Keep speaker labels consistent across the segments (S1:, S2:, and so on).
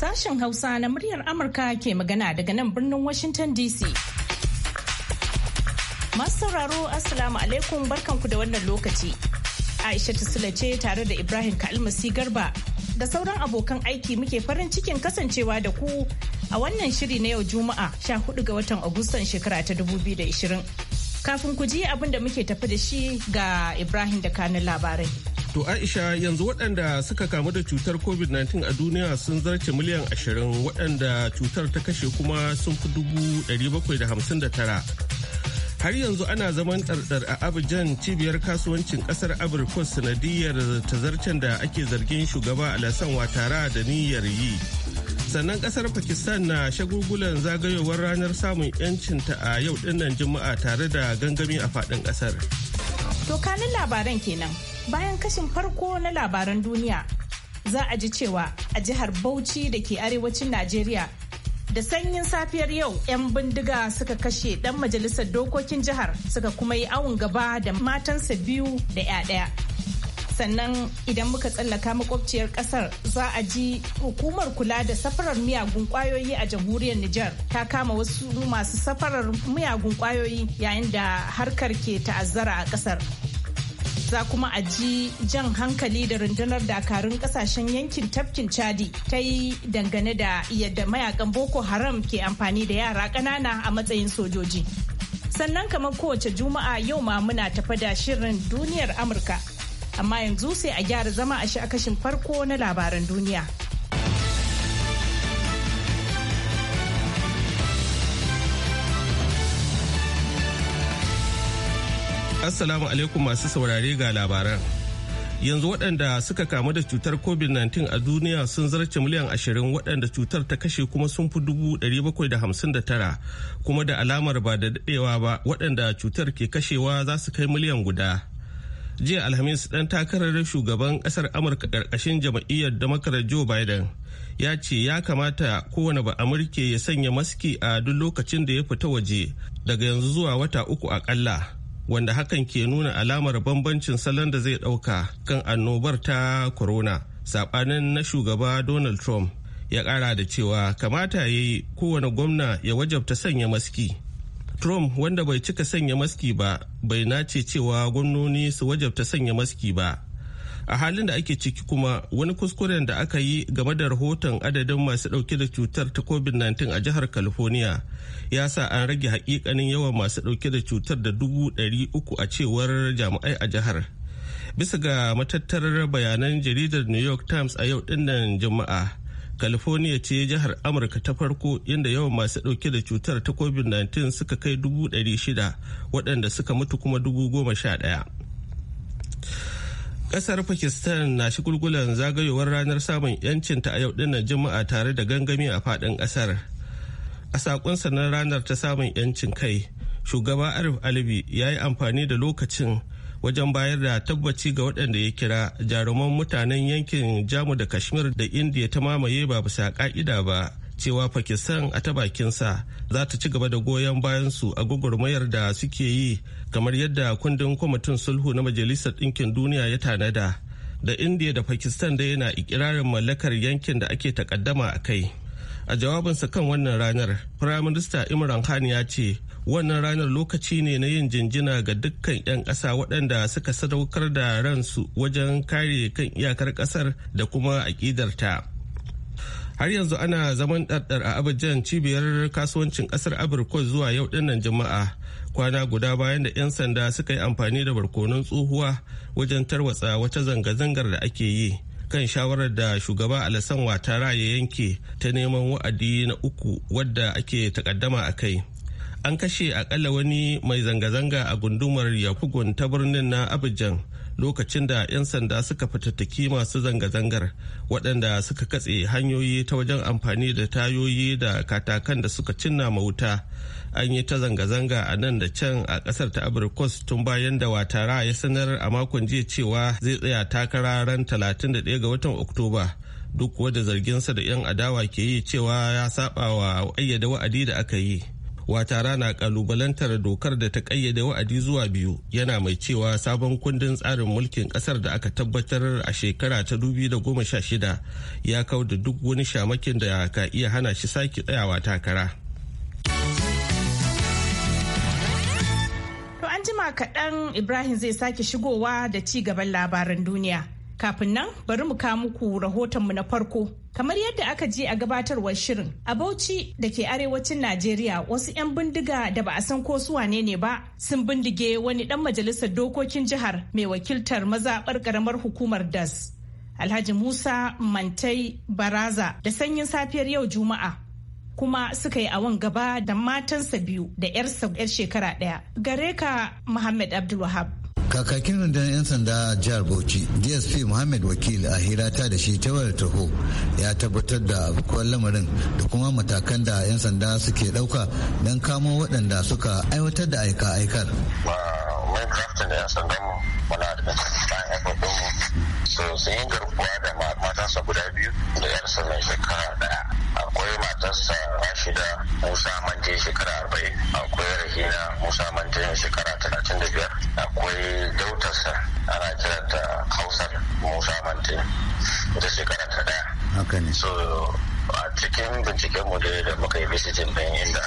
S1: Sashen Hausa na muryar Amurka ke magana daga nan birnin Washington DC. Masu sauraro Assalamu alaikum barkanku da wannan lokaci. Aisha tusula ce tare da Ibrahim Kalmasi Garba da sauran abokan aiki muke farin cikin kasancewa da ku a wannan shiri na yau Juma'a 14 ga watan Agustan shekara ta 2020. Kafin ku ji abin da muke tafi da shi ga Ibrahim da kanin labarai.
S2: To Aisha yanzu waɗanda suka kamu da cutar COVID-19 a duniya sun zarce miliyan 20 waɗanda cutar ta kashe kuma sun fi dubu 759. Har yanzu ana zaman ɗarɗar a Abidjan cibiyar kasuwancin ƙasar Abirkos sanadiyar tazarcen da ake zargin shugaba lasanwa tara da niyyar yi. Sannan ƙasar Pakistan na shagulgulan zagayowar ranar samun 'yancinta a yau ɗinnan Juma'a tare da gangami a faɗin ƙasar.
S1: To kanin labaran kenan. Bayan kashin farko na labaran duniya, za a ji cewa a jihar Bauchi da ke arewacin Najeriya da sanyin safiyar yau 'yan bindiga suka kashe dan majalisar dokokin jihar suka kuma yi awon gaba da matansa biyu da 'ya ɗaya sannan idan muka tsallaka makwabciyar kasar za a ji hukumar kula da safarar miyagun kwayoyi a jamhuriyar Nijar ta kama wasu masu safarar miyagun kwayoyi yayin da harkar ke ta'azzara a kasar za kuma a ji jan hankali da rundunar dakarun kasashen yankin tafkin chadi ta yi dangane da yadda mayakan boko haram ke amfani da yara ƙanana a matsayin sojoji sannan kamar kowace juma'a yau ma muna tafa da shirin duniyar amurka amma yanzu sai a gyara zama a kashin farko na labaran duniya.
S2: Assalamu alaikum masu saurare ga labaran. Yanzu waɗanda suka kamu da cutar COVID-19 a duniya sun zarce miliyan ashirin waɗanda cutar ta kashe kuma sun fi dubu ɗari bakwai da hamsin da tara kuma da alamar ba da daɗewa ba waɗanda cutar ke kashewa za su kai miliyan guda. jiya alhamis ɗan takarar shugaban ƙasar amurka karkashin jam'iyyar Democrat joe biden ya ce ya kamata kowane ba amurke ya sanya maski a duk lokacin da ya fita waje daga yanzu zuwa wata uku a ƙalla wanda hakan ke nuna alamar bambancin salon da zai ɗauka kan annobar ta corona saɓanin na shugaba donald trump ya ƙara da cewa kamata ya yi kowane gwamna ya wajabta sanya maski trump wanda bai cika sanya maski ba bai nace cewa gwamnoni su wajabta sanya maski ba a halin da ake ciki kuma wani kuskuren da aka yi game da rahoton adadin masu dauke da cutar ta covid-19 a jihar california ya sa an rage hakikanin yawan masu dauke da cutar da dubu uku a cewar jami'ai a jihar bisa ga matattarar bayanan jaridar new york times a yau dinnan jama'a california ce jihar amurka ta farko inda yawan masu dauke da cutar ta covid-19 suka kai dubu shida waɗanda suka mutu kuma dubu goma sha ɗaya. Kasar Pakistan na shigulgulan zagayowar ranar samun yancin ta a yau dinnan Juma'a tare da gangami a fadin kasar. A sakonsa na ranar ta samun 'yancin kai, shugaba Arif Alibi ya yi amfani da lokacin wajen bayar da tabbaci ga waɗanda ya kira jaruman mutanen yankin Jamu da Kashmir da Indiya ta mamaye ba bisa ƙa'ida ba cewa pakistan a ta bakinsa za ta ci gaba da goyon bayansu a gwagwarmayar da suke yi kamar yadda kundin kwamitin sulhu na majalisar ɗinkin duniya ya tanada da indiya da pakistan da yana ikirarin mallakar yankin da ake takaddama a kai a jawabinsa kan wannan ranar prime minister imran khan ya ce wannan ranar lokaci ne na yin jinjina ga dukkan 'yan ƙasa waɗanda suka sadaukar da ransu wajen kare kan iyakar ƙasar da kuma aƙidarta. har yanzu ana zaman ɗaɗɗar a abijan cibiyar kasuwancin ƙasar abirko zuwa yau dinnan jama'a kwana guda bayan da 'yan sanda suka yi amfani da barkonon tsohuwa wajen tarwatsa wata zanga-zangar da ake yi kan shawarar da shugaba alasan watara ya yanke ta neman wa'adi na uku wadda ake takaddama a kai an kashe akalla wani mai zanga-zanga a gundumar yakugun ta birnin na abijan lokacin da 'yan sanda suka fatattaki masu zanga-zangar waɗanda suka katse hanyoyi ta wajen amfani da tayoyi da katakan da suka cinna mawuta an yi ta zanga-zanga a nan da can a ƙasar ta abirkos tun bayan da watara ya sanar a makon jiya cewa zai tsaya takara ran 31 ga watan oktoba duk wadda zarginsa da 'yan adawa ke yi cewa ya saba wa ayyada wa'adi da aka yi watara na kalubalantar dokar da ta kayyade wa'adi zuwa biyu yana mai cewa sabon kundin tsarin mulkin kasar da aka tabbatar a shekara ta goma sha shida ya kau da duk wani shamakin da ka iya hana shi sake tsayawa takara
S1: to an jima kaɗan ibrahim zai sake shigowa da ci gaban labaran duniya kafin nan bari mu kawo muku rahoton mu na farko Kamar yadda aka je a gabatarwar shirin, a Bauchi da ke arewacin Najeriya wasu 'yan bindiga da ba a san ko su wane ne ba sun bindige wani dan majalisar dokokin jihar mai wakiltar mazaɓar karamar hukumar DAS. Alhaji Musa Mantai Baraza da sanyin safiyar yau Juma'a kuma suka yi awon gaba da matansa biyu da 'yarsa 'yar shekara ɗaya. Gare ka Muhammad Abdulwahab.
S3: kakakin rundunar 'yan sanda jihar bauchi dsp muhammad wakil a hirata da shi ta wayar taho ya tabbatar da afkuwar lamarin da kuma matakan da 'yan sanda suke dauka don kamo waɗanda suka aiwatar da aika-aikar
S4: mun draftin da yan don mu muna da bayan din mu so sun yi garkuwa da matansa guda biyu da yarsa mai shekara daya akwai matarsa rashida musa manje shekara arba'in akwai rahina musa manje shekara talatin da biyar akwai dautarsa ana kiranta hausar musa manje da shekara ta daya so a cikin binciken mu da muka yi bisitin din inda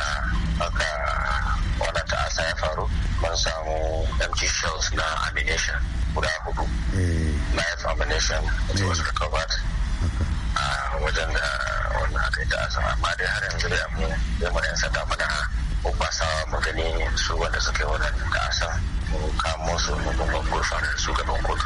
S4: aka matsala ta asa ya faru mun samu empty shells na ammunition guda hudu eh. knife ammunition da wasu eh. recovered a uh, wajen da uh, wani aka yi ta asa amma dai har yanzu da mu yi mana yan sanda mana ubasawa mu gani su wanda suke wannan ta asa kamo su gaban gurfanar su gaban kotu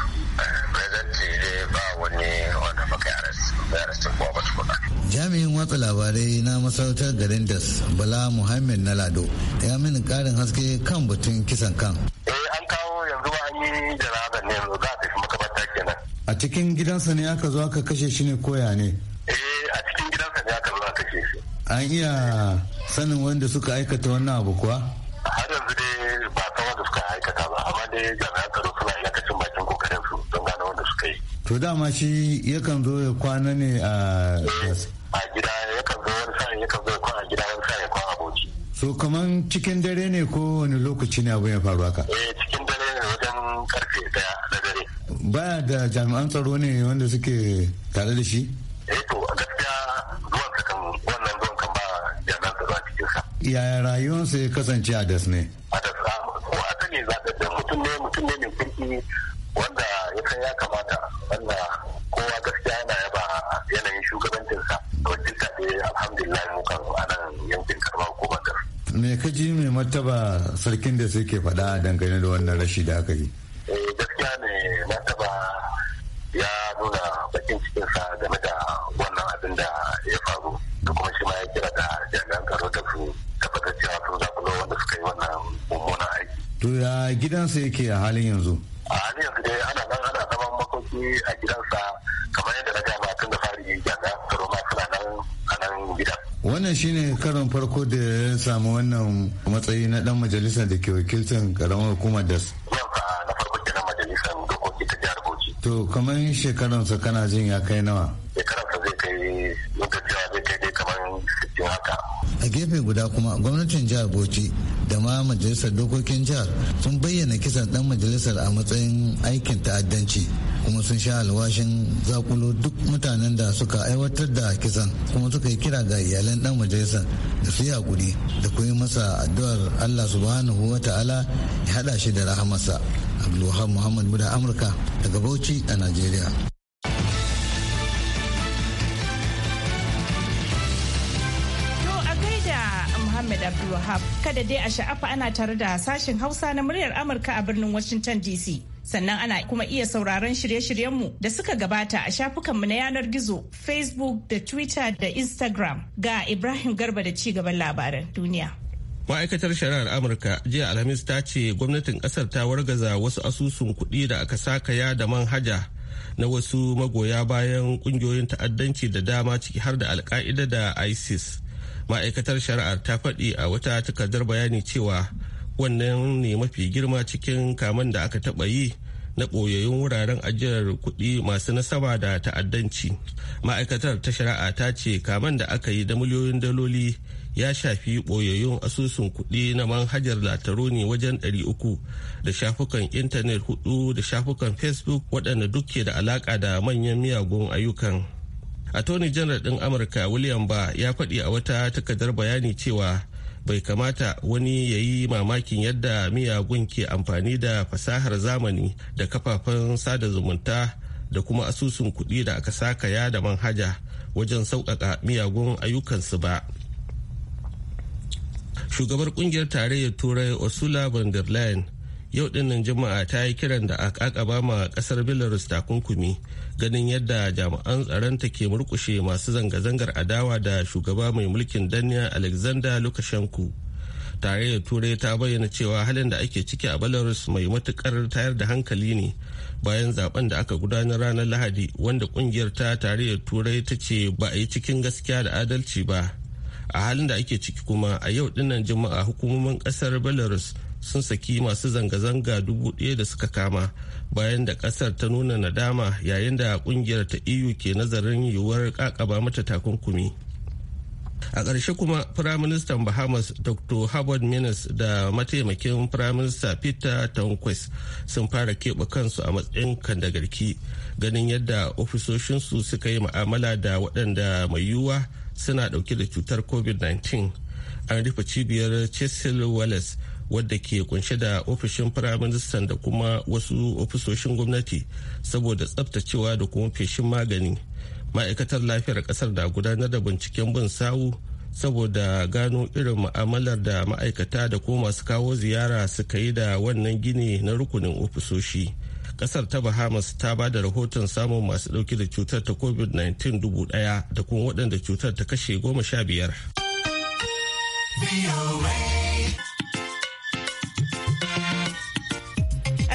S4: presently eh, dai ba wani wanda maka yi arrest bai arrestin kowa ba tukuna
S3: jami'in watsa labarai na masarautar garin das bala Muhammad na lado ya mini karin haske kan batun kisan kan eh an
S4: kawo yanzu ba an yi
S3: jana'a ne yanzu za a tafi makabarta kenan a cikin gidansa ne aka zo aka kashe shi ne koya ne eh
S5: a cikin gidansa
S4: ne aka zo aka kashe shi
S3: an iya sanin wanda suka aikata wannan abu kuwa
S4: sai eh, jami'an tsaro suna iyakacin bakin kokarin su don
S3: gane wanda suka yi. to dama shi yakan zo ya kwana ne a eh, a gida yakan zo wani sa'in yakan zo ya kwana gida wani sa'in ya kwana aboki. so kaman cikin dare ne ko wani lokaci ne abin ya faru haka. eh cikin
S4: dare ne wajen karfe daya na
S3: dare. baya da jami'an tsaro ne wanda suke tare da shi. eh to gaskiya zuwan wannan zuwan kan ba jami'an tsaro a cikinsa. yaya rayuwarsa ya kasance a das ne. aiki wanda ya
S4: san ya kamata wanda kowa gaskiya yana yaba yanayin shugabancinsa da wakilta da alhamdulillah mu kan anan yankin karba hukumar
S3: me ka ji mai martaba sarkin da suke faɗa dangane da wannan rashi da aka yi gidansa yake a halin yanzu
S4: a halin yanzu dai ana nan ana zaman makoki a gidansa kamar yadda na gaba tun da fari jami'an tsaro ma suna nan
S3: a nan gidan wannan shine karon farko da ya samu wannan matsayi na dan majalisa da ke wakiltar karamar hukumar das to kamar shekaransa kana jin ya kai nawa shekaransa zai kai lokaci zai kai dai kamar sittin haka a gefe guda kuma gwamnatin jihar bauchi da ma majalisar dokokin jihar sun bayyana kisan dan majalisar a matsayin aikin ta'addanci kuma sun sha alwashin zakulo duk mutanen da suka aiwatar da kisan kuma suka yi kira ga iyalan dan majalisar da su yi hakuri da kuma masa addu'ar Allah subhanahu wa ta'ala ya hada shi da rahamarsa Abdulwahab Muhammad Buda Amurka daga Bauchi a Najeriya.
S1: wahab Kada dai a sha'afa ana tare da sashen Hausa na muryar Amurka a birnin Washington DC. Sannan ana kuma iya sauraron shirye-shiryenmu da suka gabata a shafukanmu na yanar gizo, Facebook da Twitter da Instagram ga Ibrahim Garba da ci gaban labaran duniya.
S2: Ma'aikatar Shari'ar Amurka jiya Alhamis ta ce gwamnatin kasar ta wargaza wasu asusun kuɗi da aka ya da manhaja na wasu magoya bayan kungiyoyin ta'addanci da dama ciki har da alka'ida da isis ma'aikatar shari'ar ta faɗi a wata takardar bayani cewa wannan ne mafi girma cikin kaman da aka taɓa yi na ɓoyayyun wuraren ajiyar kuɗi masu nasaba da ta'addanci ma'aikatar ta shari'a ta ce kaman da aka yi da miliyoyin daloli ya shafi ɓoyayyun asusun kuɗi na manhajar lataroni wajen 300 da shafukan intanet hudu da shafukan facebook waɗanda duk ke da alaka da manyan miyagun ayyukan a attorney general din amurka william ba ya faɗi a wata takardar bayani cewa bai kamata wani ya yi mamakin yadda miyagun ke amfani da fasahar zamani da kafafen sada zumunta da kuma asusun kuɗi da aka ya da manhaja wajen sauƙaƙa miyagun ayyukansu ba shugabar kungiyar tarayyar turai ursula von der leyen yau dinnan juma'a ta yi kiran da a kakaba ma kasar belarus takunkumi ganin yadda jami'an tsaronta ke murkushe masu zanga-zangar adawa da shugaba mai mulkin daniel alexander lukashenko da turai ta bayyana cewa halin da ake ciki a belarus mai matukar tayar da hankali ne bayan zaben da aka gudanar ranar lahadi wanda kungiyar ta tare da turai ta ce ba a yi cikin gaskiya da adalci ba a halin da ake ciki kuma a yau dinnan juma'a hukumomin kasar belarus sun saki masu zanga-zanga dubu ɗaya da suka kama bayan da ƙasar ta nuna nadama yayin da ƙungiyar ta eu ke nazarin yiwuwar ƙaƙaba mata takunkumi a ƙarshe kuma firaministan bahamas dr howard minis da mataimakin firaminista peter tonquist sun fara keɓe kansu a matsayin kandagarki ganin yadda ofisoshinsu suka yi ma'amala da waɗanda mai yiwuwa suna ɗauke da cutar covid-19 an rufe cibiyar cecil wallace wadda ke kunshe da ofishin firaministan da kuma wasu ofisoshin gwamnati saboda tsabtacewa da kuma feshin magani ma'aikatar lafiyar kasar da gudanar da binciken bin sawu saboda gano irin ma'amalar da ma'aikata da kuma masu kawo ziyara suka yi da wannan gini na rukunin ofisoshi kasar ta bahamas ta ba da rahoton samun masu dauke da cutar ta covid-19 dubu daya da kuma waɗanda cutar ta kashe goma sha biyar.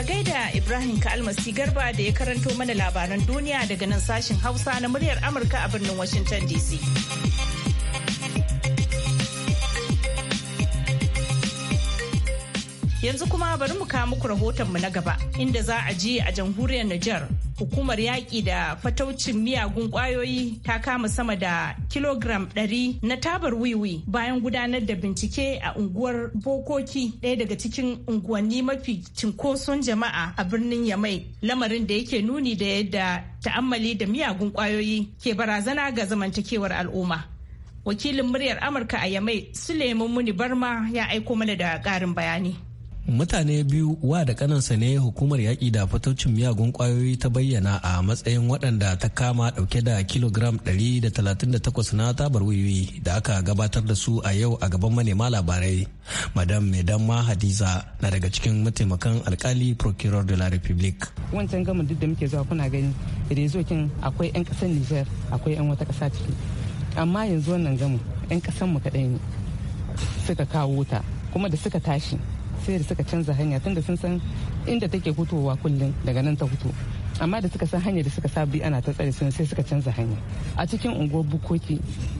S1: A gaida Ibrahim Kalmasi Garba da ya karanto mana labaran duniya daga nan sashin Hausa na muryar Amurka a birnin Washington DC. Yanzu kuma bari mu kawo muku rahotonmu na gaba inda za a je a jamhuriyar Nijar hukumar yaƙi da fataucin miyagun ƙwayoyi ta kama sama da kilogram 100 na tabar wiwi bayan gudanar da bincike a unguwar bokoki ɗaya daga cikin unguwanni mafi cinkoson jama'a a birnin yamai lamarin da yake nuni da yadda ta'ammali da miyagun ƙwayoyi ke barazana ga zamantakewar al'umma wakilin muryar amurka a yamai suleiman muni barma ya aiko mana da ƙarin bayani
S4: mutane biyu wa da kanansa ne hukumar yaƙi da fitocin miyagun kwayoyi ta bayyana a matsayin waɗanda ta kama ɗauke da kilogram 138 na tabar wiwi da aka gabatar da su a yau a gaban manema labarai madam medamma hadiza na daga cikin mataimakan alkali procureur de la republique
S6: wancan gama duk da muke zuwa kuna gani rezokin akwai 'yan ƙasar niger akwai 'yan wata ƙasa ciki amma yanzu wannan gamu 'yan ƙasar mu kaɗai ne suka kawo ta kuma da suka tashi sai da suka canza hanya tunda sun san inda take hutowa kullum daga nan ta hutu amma da suka san hanya da suka sabi ana ta tsare sun sai suka canza hanya a cikin unguwar bukoki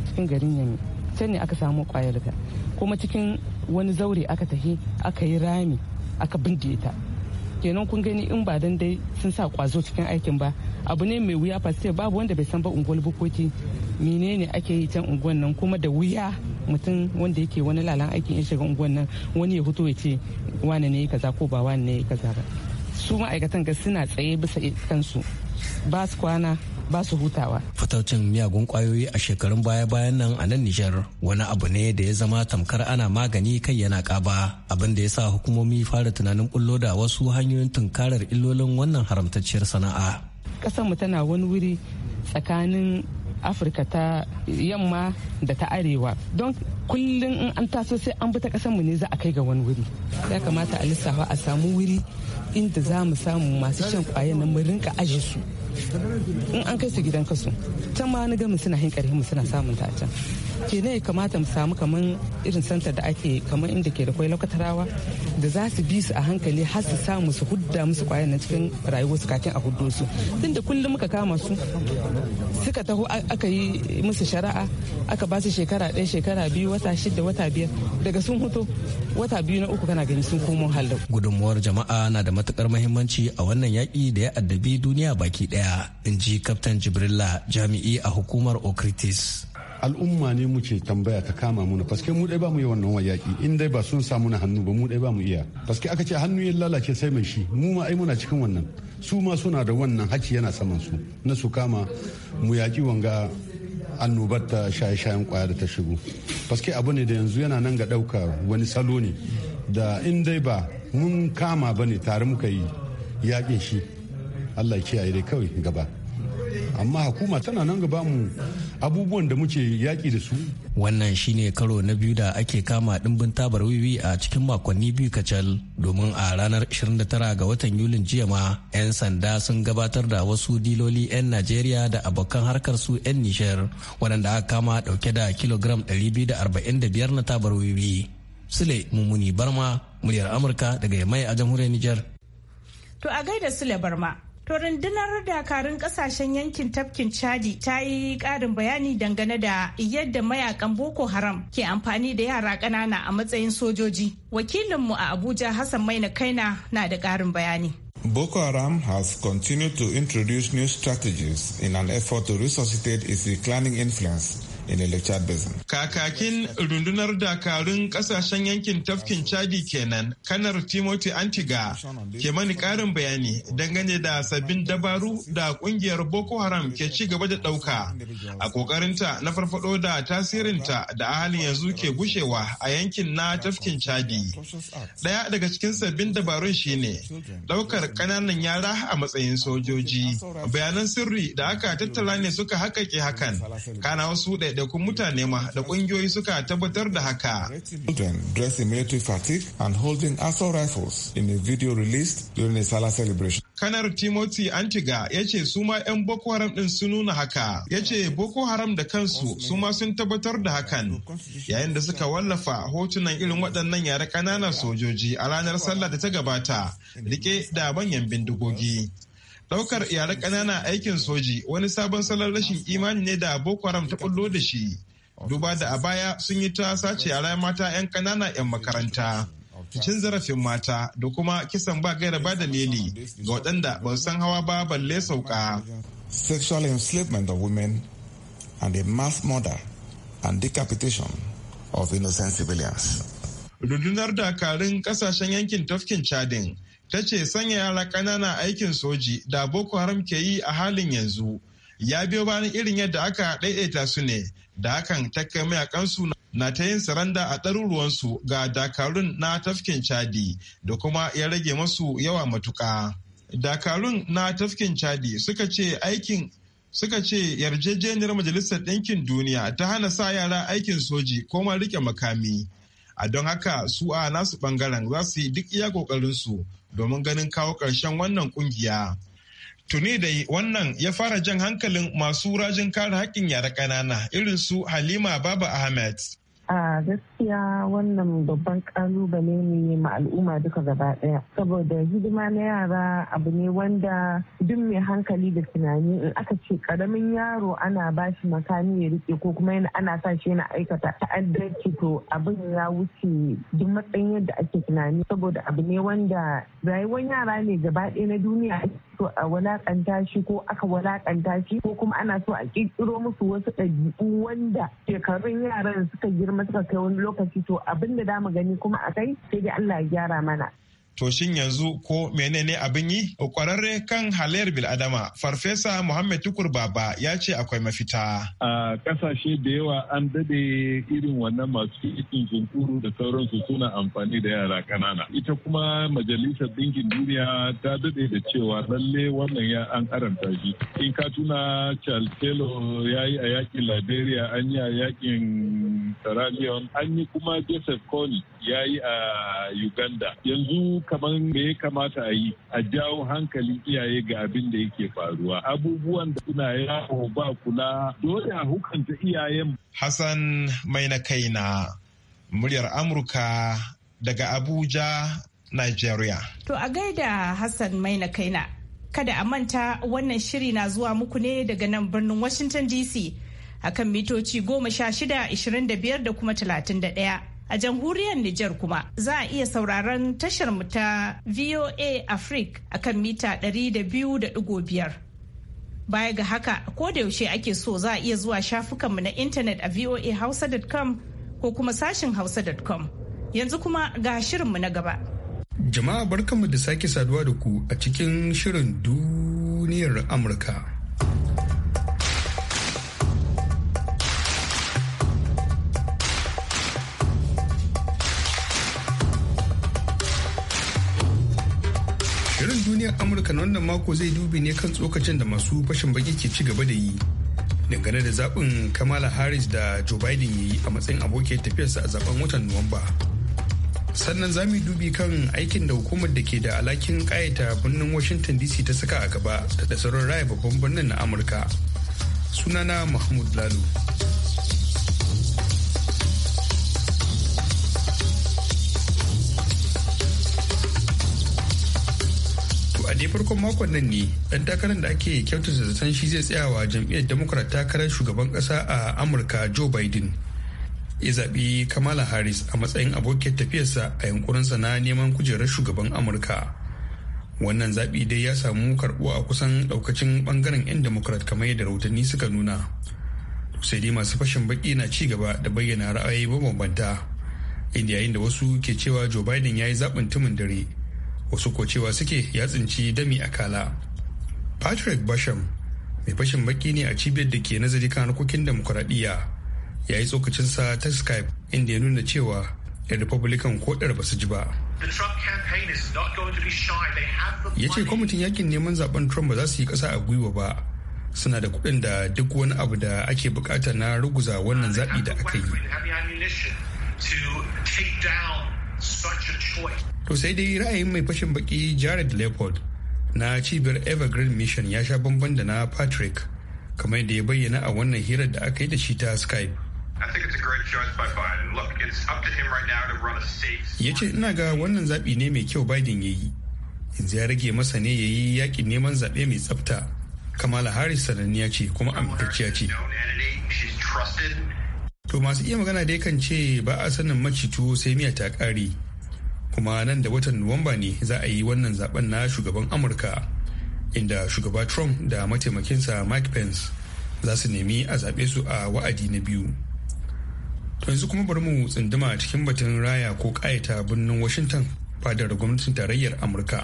S6: cikin garin yami can ne aka samu kwayar ga kuma cikin wani zaure aka tafi aka yi rami aka bindiye ta kenan kun gani in ba dan dai sun sa kwazo cikin aikin ba abu ne mai wuya fa babu wanda bai san ba unguwar bukoki menene ake yi can unguwan nan kuma da wuya mutum wanda yake wani lalan aikin ya shiga unguwan nan wani ya fito ya ce wani ne kaza ko ba wani ne kaza ba su ma'aikatan ga suna tsaye bisa kansu ba su kwana
S4: ba su hutawa. Fataucin miyagun kwayoyi a shekarun baya-bayan nan a nan Nijar wani abu ne da ya zama tamkar ana magani kai yana kaba abin da ya sa hukumomi fara tunanin bullo da wasu hanyoyin tunkarar illolin wannan haramtacciyar sana'a.
S6: Ƙasar mu tana wani wuri tsakanin afirka ta yamma da ta arewa don kullum in an taso sai an bata ta kasan mu ne za a kai ga wani wuri ya kamata a lissafa a samu wuri inda za mu samu masu shan kwayan nan mu rinka aje su in an kai su gidan kasu can ma na gamin suna hinkari mu suna samun ta can ke ne kamata mu samu kamar irin santar da ake kaman inda ke da kwai lokatarawa da za su bi su a hankali har su samu su hudda musu kwayan nan cikin rayuwar su kakin a huddo su tunda kullum muka kama su suka taho aka yi musu shari'a aka ba su shekara ɗaya shekara biyu wata shida wata biyar daga sun hoto wata biyu na uku kana gani
S4: sun komo halau. gudunmuwar jama'a na da matukar mahimmanci a wannan yaƙi da ya addabi duniya baki daya in ji kaftan jibrilla jami'i a hukumar okritis. al'umma
S7: ne muke tambaya ta kama muna paske mu dai ba mu yi wannan yaƙi in dai ba sun sa muna hannu ba mu dai ba mu iya paske aka ce hannu ya lalace sai mai shi mu ma ai muna cikin wannan su ma suna da wannan haci yana saman su na su kama mu yaki wanga annobar ta shaye-shayen kwaya da ta shigo paske abu ne da yanzu yana nan ga ɗauka wani salo ne da in dai ba mun kama ba ne tare muka yi yaƙin shi allah kiyaye dai kawai gaba amma hukuma tana nan gaba mu abubuwan da muke yaƙi da su
S4: wannan shine karo na biyu da ake kama dimbin tabar wiwi a cikin makonni biyu kacal domin a ranar 29 ga watan yulin jiya ma 'yan sanda sun gabatar da wasu diloli 'yan najeriya da abokan harkar su 'yan nishar waɗanda aka kama ɗauke da kilogram 245 na tabar wiwi sule mummuni barma muryar amurka daga mai a jamhuriyar niger.
S1: to a gaida sule barma To rundunar dakarun kasashen yankin tafkin Chadi ta yi ƙarin bayani dangane da yadda mayakan Boko Haram ke amfani da yara ƙanana a matsayin sojoji. Wakilinmu a Abuja Hassan Maina Kaina na da ƙarin bayani.
S8: Boko Haram has continued to introduce new strategies in an effort to resuscitate its declining influence in the lecture Basin. Kakakin rundunar dakarun kasashen yankin tafkin Chadi kenan, kanar Timothy Antiga ke mani karin bayani dangane da sabbin dabaru da kungiyar Boko Haram ke ci gaba da dauka a kokarinta na farfado da tasirinta da a halin yanzu ke gushewa a yankin na tafkin Chadi. Daya daga cikin sabbin dabarun shine daukar kananan yara a matsayin sojoji. Bayanan sirri da aka tattala ne suka haƙaƙe hakan, kana wasu ɗaya ɗaiɗaikun mutane ma da ƙungiyoyi suka tabbatar da haka. dressed in military fatigue and holding assault rifles in a video released during the Salah celebration. Kanar Timothy Antiga ya ce su ma 'yan Boko Haram ɗin sun nuna haka. Ya ce Boko Haram da kansu su ma sun tabbatar da hakan. Yayin da suka wallafa hotunan irin waɗannan yare ƙananan sojoji a ranar sallah da ta gabata, riƙe da manyan bindigogi. Ɗaukar iyalai ƙanana aikin soji wani sabon salon rashin imani ne da Boko Haram ta kullo da shi. Duba da a baya sun yi ta sace yara mata 'yan ƙanana 'yan makaranta. Cin zarafin mata da kuma kisan ba gaira ba dalili ga waɗanda ba san hawa ba balle sauka. Sexual enslavement of women and a mass murder and decapitation of innocent civilians. Rundunar dakarun kasashen yankin tafkin Chadin ta ce sanya yara ƙanana aikin soji da boko haram ke yi a halin yanzu ya biyo bayan irin yadda aka ɗaiɗaita su ne da hakan ta kai mayakansu na ta yin saranda a ɗaruruwansu ga dakarun na tafkin chadi da kuma ya rage masu yawa matuka dakarun na tafkin chadi suka ce aikin suka ce yarjejeniyar majalisar ɗinkin duniya ta hana sa yara aikin soji ko ma rike makami a don haka su a nasu bangaren za su yi duk iya kokarin su domin ganin kawo ƙarshen wannan kungiya tuni da wannan ya fara jan hankalin masu rajin kare haƙƙin yara ƙanana irin su halima baba ahmed
S5: a gaskiya wannan babban kalubale ne ma al'umma duka gaba daya saboda hidima na yara abu ne wanda duk mai hankali da tunani in aka ce karamin yaro ana bashi makami ya rike ko kuma yana ana sa shi yana aikata ta'addanci to abin ya wuce duk matsayin yadda ake tunani saboda abu ne wanda rayuwar yara ne gaba daya na duniya so a walakanta shi ko aka walakanta shi ko kuma ana so a kirkiro musu wasu ɗabi'u wanda shekarun yaran suka girma suka kai wani lokaci lokaci to abin da mu gani kuma a kai sai da Allah ya gyara
S8: mana To shin yanzu ko menene abin yi? Kwararre kan halayyar bil'adama, Farfesa Muhammad Tukur Baba ya ce akwai mafita. A kasashe da yawa an dade irin wannan masu ikin zunkuru da sauransu suna amfani da yara kanana. Ita kuma Majalisar Dinkin Duniya ta dade da cewa lalle wannan ya an karanta shi. In ka tuna Charles Taylor ya yi a yakin Liberia, an yi a
S7: yakin Sierra Leone, an yi kuma Joseph Kony ya yi a Uganda. Yanzu kamar me ya kamata a yi a jawo hankalin iyaye ga abin da yake
S8: faruwa abubuwan da suna yawo ba kula dole a hukanta iyayen hassan mai na kaina muryar amurka daga abuja nigeria
S1: to a gaida hassan mai na kaina kada a manta wannan shiri na zuwa muku ne daga nan birnin washington dc akan mitoci goma sha shida ashirin da biyar da kuma talatin da ɗaya A jamhuriyar Nijar kuma za a iya sauraron tashar mu ta VOA Africa a kan mita 200.5. Baya ga haka, ko da yaushe ake so za a iya zuwa shafukanmu na intanet a voahausa.com ko kuma sashin hausa.com. Yanzu kuma ga shirinmu na gaba.
S7: Jama'a barkanmu da sake saduwa da ku a cikin shirin duniyar Amurka. Shirin duniyar Amurka na wannan mako zai dubi ne kan tsokacin da masu fashin baki ke ci gaba da yi. Dangane da zaɓin Kamala Harris da Joe Biden ya yi a matsayin abokin tafiyarsa a zaben watan Nuwamba. Sannan za mu dubi kan aikin da hukumar da ke da alakin ƙayata birnin Washington DC ta saka a gaba da sauran raya babban birnin na Amurka. Sunana Mahmud lalu To a dai farkon makon nan ne ɗan takarar da ake kyautata zaton shi zai tsaya wa jam'iyyar Democrat takarar shugaban ƙasa a Amurka Joe Biden. Ya zaɓi Kamala Harris a matsayin abokin tafiyarsa a yankurinsa na neman kujerar shugaban Amurka. Wannan zaɓi dai ya samu karɓuwa a kusan ɗaukacin ɓangaren 'yan Democrat kamar yadda rahotanni suka nuna. Sai dai masu fashin baƙi na ci gaba da bayyana ra'ayi mabambanta. Inda yayin da wasu ke cewa Joe Biden ya yi zaɓin tumin dare. wasu ko cewa suke ya tsinci dami a kala patrick basham mai fashin baki ne a cibiyar da ke nazari kan harkokin demokuraɗiyya ya yi tsokacinsa ta skype inda ya nuna cewa 'yan republican ko ba su ji ba ya ce kwamitin yakin neman zaben trump ba za su yi ƙasa a gwiwa ba suna da kuɗin da duk wani abu da ake bukata na ruguza wannan zaɓi da aka yi To sai dai ra'ayin mai fashin baki Jared Leopold na cibiyar Evergreen Mission ya sha bamban da na Patrick kamar da ya bayyana a wannan hirar da aka yi da shi ta Skype. Ya ce ina ga wannan zaɓi ne mai kyau Biden ya yi. Yanzu ya rage masa ne ya yi yaƙin neman zaɓe mai tsafta. Kamala Harris sananniya ce kuma amintacciya ce. To masu iya magana dai kan ce ba a sanin macitu sai miya ta ƙare. kuma nan da watan nuwamba ne za a yi wannan zaben na shugaban amurka inda shugaba trump da mataimakinsa mike pence za su nemi a zaɓe su a wa'adi na biyu yanzu kuma bari mu tsinduma cikin batun raya ko ƙayata birnin washington fadar gwamnatin tarayyar amurka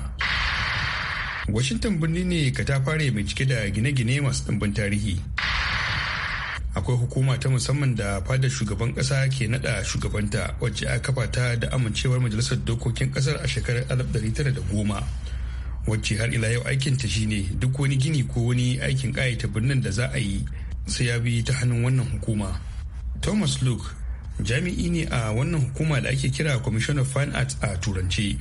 S7: washington birni ne ka ta fara mai cike da gine-gine masu ɗimbin tarihi akwai hukuma ta musamman da fadar shugaban kasa ke nada shugabanta wacce a kafa ta da amincewar majalisar dokokin kasar a shekarar da tara goma wacce har ila yau aikin ta shine duk wani gini ko wani aikin kayata birnin da za a yi sai ya bi ta hannun wannan hukuma thomas luke jami'i ne a wannan hukuma da ake kira commission of fine arts a turanci.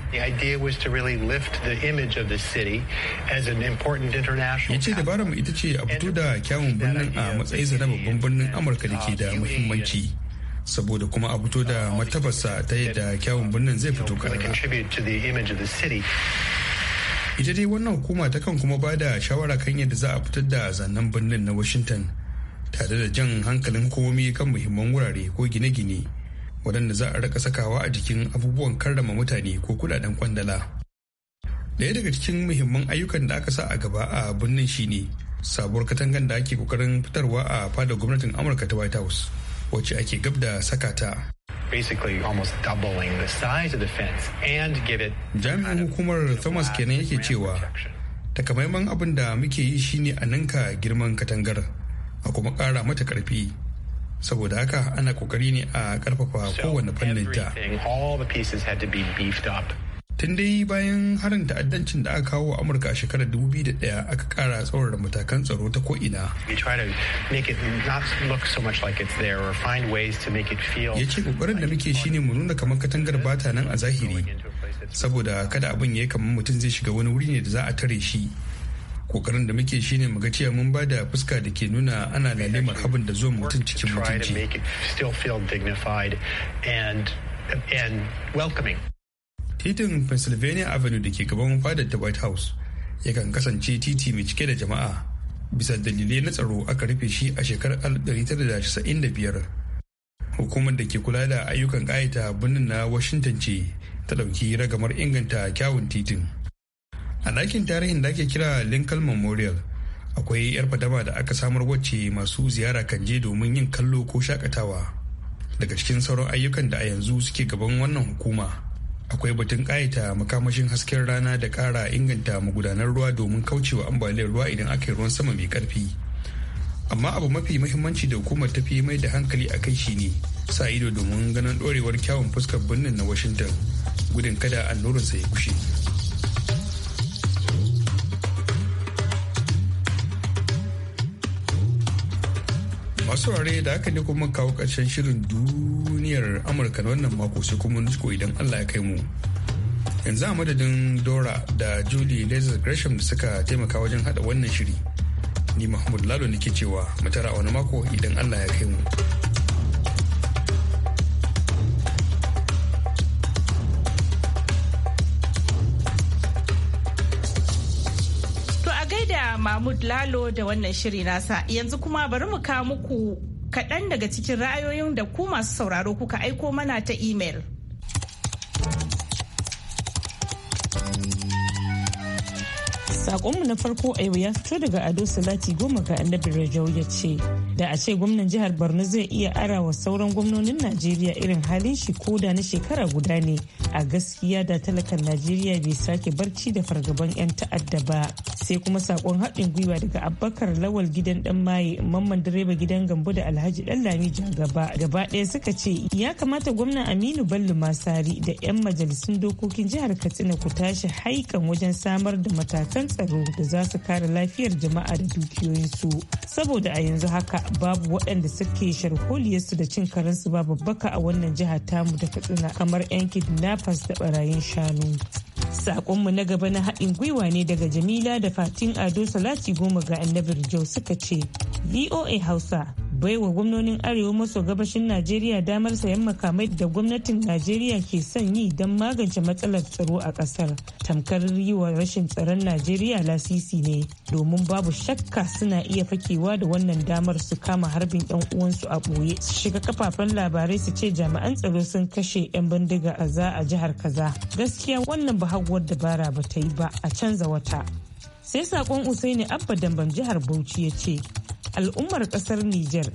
S7: ya ce dabarar mu ita ce a fito da kyawun birnin a matsayinsa na babban birnin amurka da ke da muhimmanci saboda kuma a fito da matabarsa ta yadda kyawun birnin zai fito ita dai wannan hukuma ta kan kuma ba da shawara kan yadda za a fitar da zanen birnin na washington tare da jan hankalin hukumomi kan muhimman wurare ko gine-gine waɗanda za a raka sakawa a jikin abubuwan karrama mutane ko kudaden kwandala. Daya daga cikin muhimman ayyukan da aka sa a gaba a birnin shine sabuwar katangan da ake kokarin fitarwa a fadar gwamnatin Amurka ta White House wacce ake gab da saka ta. Jami'an hukumar Thomas kenan yake cewa takamaiman abin da muke yi shine a ninka girman katangar. a kuma kara mata ƙarfi saboda haka ana ƙoƙari ne a karfafa kowane fannin ta tun dai bayan harin ta'addancin da aka kawo amurka a shekarar 2001 aka kara tsawon matakan tsaro ta ko'ina ya ce kokarin da muke shine mu nuna kamar katangar bata nan a zahiri saboda kada abin ya yi kamar mutum zai shiga wani wuri ne da za a tare shi kokarin da muke shine mu ga cewa mun ba da fuska da ke nuna ana lalimar abin da zuwa mutum cikin mutunci titin pennsylvania avenue da ke gaban fadar da white house yakan kasance titi mai cike da jama'a bisa dalilai na tsaro aka rufe shi a shekarar 1995 hukumar da ke kula da ayyukan ƙayata birnin na washington ce ta ɗauki ragamar inganta kyawun titin a ɗakin tarihin da ake kira lincoln memorial akwai yar fadama da aka samar wacce masu ziyara kan je domin yin kallo ko shakatawa daga cikin sauran ayyukan da a yanzu suke gaban wannan hukuma akwai batun ƙayata makamashin hasken rana da ƙara inganta magudanar ruwa domin kaucewa ambaliyar ruwa idan aka yi ruwan sama mai ƙarfi amma abu mafi mahimmanci da hukumar tafi mai da hankali a kai shine sa ido domin ganin ɗorewar kyawun fuskar birnin na washington gudun kada allurinsa ya kushe masu rare da aka ne kuma kawo kashen shirin duniyar amurka na wannan mako sai kuma nusko idan allah ya kai mu yanzu a madadin dora da julie lazar gresham da suka taimaka wajen hada wannan shiri ni mahmud lalo nake cewa mu tara wani mako idan allah ya kai mu.
S1: Mahmud Lalo da wannan shiri nasa. Yanzu kuma bari mu kawo muku kaɗan daga cikin ra'ayoyin da ku masu sauraro kuka aiko mana ta imel. saƙonmu na farko a yau ya fito daga Ado
S5: Salati goma ga annabi Rajau ya ce, da a ce gwamnan jihar Borno zai iya arawa sauran gwamnonin Najeriya irin halin shi ko da na shekara guda ne a gaskiya da talakan Najeriya bai sake barci da fargaban 'yan ta'adda ba. sai kuma sakon haɗin gwiwa daga abbakar lawal gidan dan maye mamman direba gidan gambo da alhaji dan lami gaba gaba ɗaya suka ce ya kamata gwamnan aminu bello masari da 'yan majalisun dokokin jihar katsina ku tashi haikan wajen samar da matakan tsaro da za su kare lafiyar jama'a da dukiyoyinsu saboda a yanzu haka babu waɗanda suke sharholiyarsu da cin karensu ba babbaka a wannan jihar tamu da katsina kamar 'yan kidnappers da barayin shanu Sakonmu na gaba na haɗin gwiwa ne daga Jamila da Fatin Ado Salati goma ga annabi Rijau suka ce, VOA Hausa. baiwa gwamnonin arewa maso gabashin najeriya damar sayan makamai da gwamnatin najeriya ke son yi don magance matsalar tsaro a kasar tamkar yi rashin tsaron najeriya lasisi ne domin babu shakka suna iya fakewa da wannan damar su kama harbin yan uwansu a ɓoye su shiga kafafen labarai su ce jami'an tsaro sun kashe yan bindiga a za a jihar kaza gaskiya wannan ba haguwar dabara ba ta yi ba a canza wata sai sakon usaini abba dambam jihar bauchi ya ce al'ummar kasar Nijar.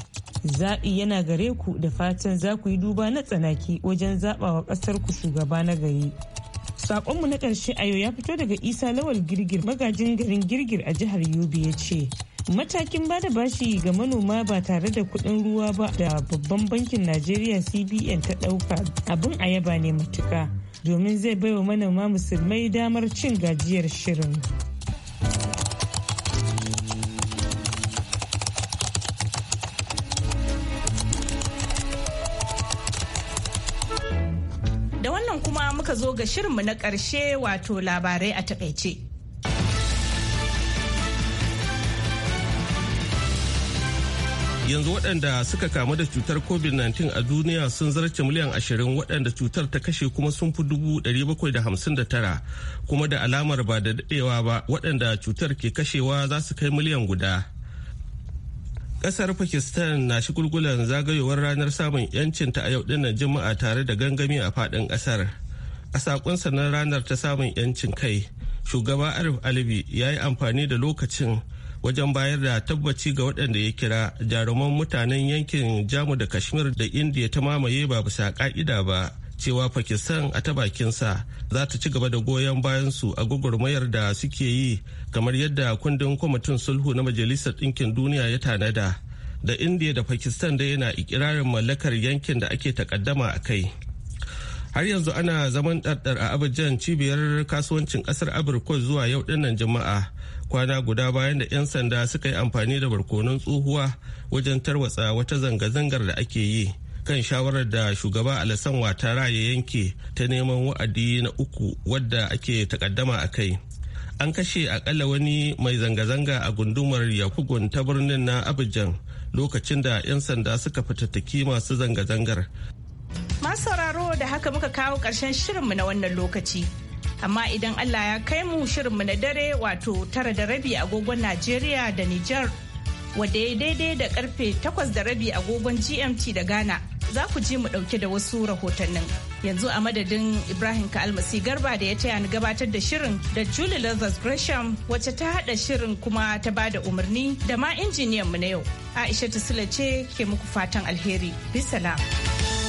S5: Zaɓi yana gare ku da fatan za ku yi duba na tsanaki wajen zaɓawa ƙasar ku shugaba na gari. saƙonmu na ƙarshe a yau ya fito daga Isa Lawal Girgir magajin garin Girgir a jihar Yobe ya ce, Matakin bada bashi ga manoma ba tare da kuɗin ruwa ba da babban bankin Najeriya CBN ta ɗauka abin a yaba ne matuka domin zai baiwa manoma musulmai damar cin gajiyar shirin.
S1: muka zo ga shirinmu na ƙarshe wato labarai a takaice.
S2: yanzu waɗanda suka kamu da cutar covid-19 a duniya sun zarce miliyan ashirin waɗanda cutar ta kashe kuma sun fi dubu 759 kuma da alamar ba da daɗewa ba waɗanda cutar ke kashewa za su kai miliyan guda ƙasar pakistan na shigulgulan zagayowar ranar samun 'yancinta a yau dinnan juma'a tare da gangami a faɗin ƙasar a sakonsa na ranar ta samun 'yancin kai shugaba arif alibi ya yi amfani da lokacin wajen bayar da tabbaci ga waɗanda ya kira jaruman mutanen yankin jamu da kashmir da indiya ta mamaye ba bisa ka'ida ba cewa pakistan a ta bakinsa za ta ci gaba da goyon bayansu a gwagwarmayar da suke yi kamar yadda kundin kwamitin sulhu na majalisar ɗinkin duniya ya tanada da indiya da pakistan da yana ikirarin mallakar yankin da ake takaddama a kai har yanzu ana zaman ɗarɗar a abidjan cibiyar kasuwancin ƙasar abirkwa zuwa yau dinnan jama'a kwana guda bayan da 'yan sanda suka yi amfani da barkonon tsohuwa wajen tarwatsa wata zanga-zangar da ake yi kan shawarar da shugaba alasan watara ya yanke ta neman wa'adi na uku wadda ake takaddama a kai an kashe akalla wani mai zanga-zanga a gundumar yakugun ta birnin na abidjan lokacin da 'yan sanda suka fitattaki masu zanga-zangar
S1: masu sauraro Yau da haka muka kawo ƙarshen shirinmu na wannan lokaci. Amma idan Allah ya kai mu shirinmu na dare wato tara da rabi agogon Najeriya da Nijar wadda ya daidai da karfe takwas da rabi agogon GMT da Ghana za ku ji mu ɗauke da wasu rahotannin. Yanzu a madadin Ibrahim Ka'almasi Garba da ya taya ni gabatar da shirin da Julie Lazarus Gresham wacce ta haɗa shirin kuma ta ba da umarni da ma injiniyan mu na yau. Aisha Tusula ce ke muku fatan alheri. Bisalam.